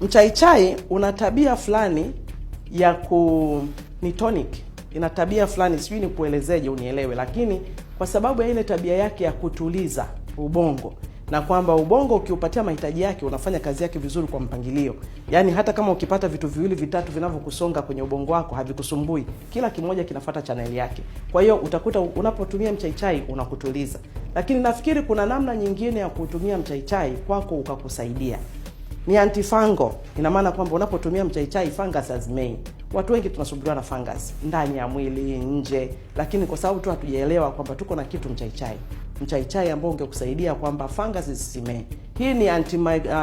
Mchaichai una tabia fulani ya ku ni tonic, ina tabia fulani, sijui ni kuelezeje unielewe, lakini kwa sababu ya ile tabia yake ya kutuliza ubongo na kwamba ubongo ukiupatia mahitaji yake unafanya kazi yake vizuri kwa mpangilio. Yaani hata kama ukipata vitu viwili vitatu vinavyokusonga kwenye ubongo wako havikusumbui, kila kimoja kinafata chaneli yake. Kwa hiyo utakuta unapotumia mchaichai unakutuliza, lakini nafikiri kuna namna nyingine ya kutumia mchaichai kwako ukakusaidia ni antifango Ina maana kwamba unapotumia mchaichai fungus hazimei. Watu wengi tunasumbuliwa na fungus ndani ya mwili, nje, lakini kwa sababu tu hatujaelewa kwamba tuko na kitu mchaichai, mchaichai ambao ungekusaidia kwamba fungus zisimee. Hii ni anti uh,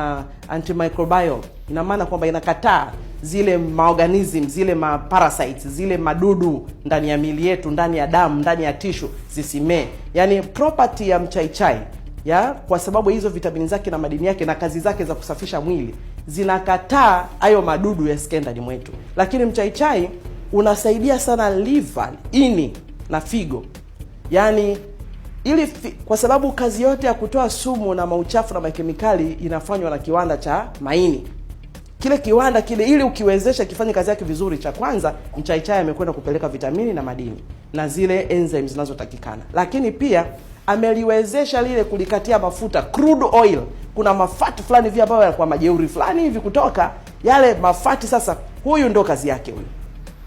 antimicrobial. Ina maana kwamba inakataa zile maorganism zile ma parasites zile madudu ndani ya mili yetu, ndani ya damu, ndani ya tishu zisimee, yaani property ya mchaichai ya kwa sababu hizo vitamini zake na madini yake na kazi zake za kusafisha mwili zinakataa hayo madudu ya skendani mwetu, lakini mchaichai unasaidia sana liver, ini na figo yani ili fi, kwa sababu kazi yote ya kutoa sumu na mauchafu na makemikali inafanywa na kiwanda cha maini. Kile kiwanda kile, ili ukiwezesha kifanye kazi yake vizuri, cha kwanza mchaichai amekwenda kupeleka vitamini na madini na zile enzymes zinazotakikana, lakini pia ameliwezesha lile kulikatia mafuta crude oil. Kuna mafati fulani hivi ambayo yanakuwa majeuri fulani hivi kutoka yale mafati. Sasa huyu ndo kazi yake huyu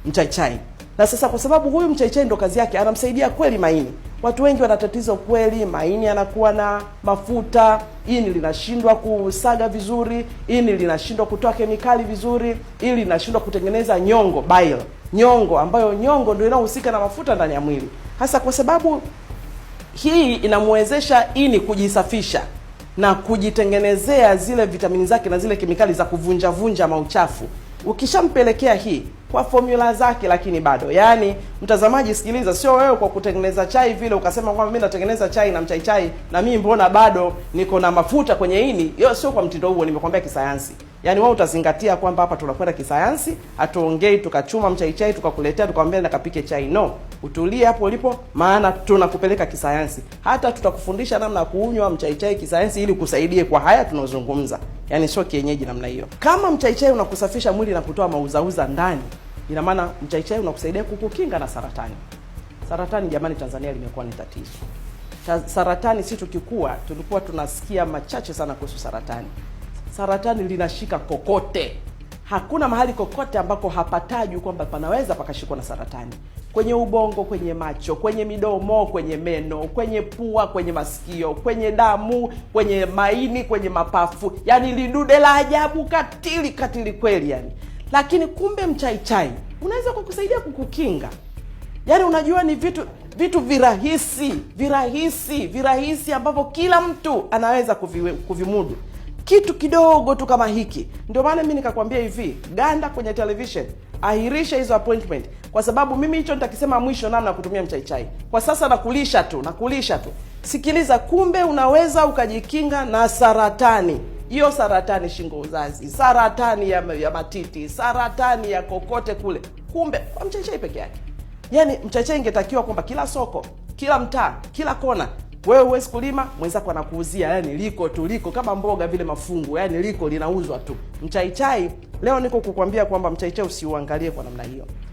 mchaichai, na sasa kwa sababu huyu mchaichai ndo kazi yake, anamsaidia kweli maini. Watu wengi wana tatizo kweli, maini yanakuwa na mafuta, ini linashindwa kusaga vizuri, ini linashindwa kutoa kemikali vizuri, ili linashindwa kutengeneza nyongo bile, nyongo ambayo nyongo ndo inayohusika na mafuta ndani ya mwili hasa kwa sababu hii inamwezesha ini kujisafisha na kujitengenezea zile vitamini zake na zile kemikali za kuvunja vunja mauchafu. Ukishampelekea hii kwa fomula zake, lakini bado yaani, mtazamaji sikiliza, sio wewe kwa kutengeneza chai vile ukasema kwamba mimi natengeneza chai na mchai chai na mimi mbona bado niko na mafuta kwenye ini. sio kwa mtindo huo, nimekwambia kisayansi. Yaani wewe utazingatia kwamba hapa tunakwenda kisayansi, hatuongei tukachuma mchai chai tukakuletea tukamwambia na kapike chai. No, utulie hapo ulipo, maana tunakupeleka kisayansi. Hata tutakufundisha namna ya kunywa mchai chai kisayansi ili kusaidie kwa haya tunazungumza. Yaani sio kienyeji namna hiyo. Kama mchai chai unakusafisha mwili na kutoa mauzauza ndani, ina maana mchai chai unakusaidia kukukinga na saratani. Saratani jamani, Tanzania limekuwa ni tatizo. Saratani si tukikua, tulikuwa tunasikia machache sana kuhusu saratani saratani linashika kokote. Hakuna mahali kokote ambako hapatajwi kwamba panaweza pakashikwa na saratani, kwenye ubongo, kwenye macho, kwenye midomo, kwenye meno, kwenye pua, kwenye masikio, kwenye damu, kwenye maini, kwenye mapafu. Yani lidude la ajabu, katili katili kweli yani. Lakini kumbe mchaichai unaweza kukusaidia kukukinga. Yani unajua ni vitu vitu virahisi virahisi virahisi ambavyo kila mtu anaweza kuvimudu kitu kidogo tu kama hiki. Ndio maana mi nikakwambia hivi, ganda kwenye television, ahirisha hizo appointment, kwa sababu mimi hicho nitakisema mwisho, namna kutumia mchaichai. Kwa sasa nakulisha tu, nakulisha tu. Sikiliza, kumbe unaweza ukajikinga na saratani hiyo saratani shingo uzazi, saratani ya, ya matiti, saratani ya kokote kule, kumbe kwa mchaichai peke yake. Yani mchaichai ingetakiwa kwamba kila soko, kila mtaa, kila kona wewe huwezi kulima, mwenzako anakuuzia, yani liko tu, liko kama mboga vile, mafungu, yani liko linauzwa tu. Mchaichai leo niko kukwambia kwamba mchaichai usiuangalie kwa namna hiyo.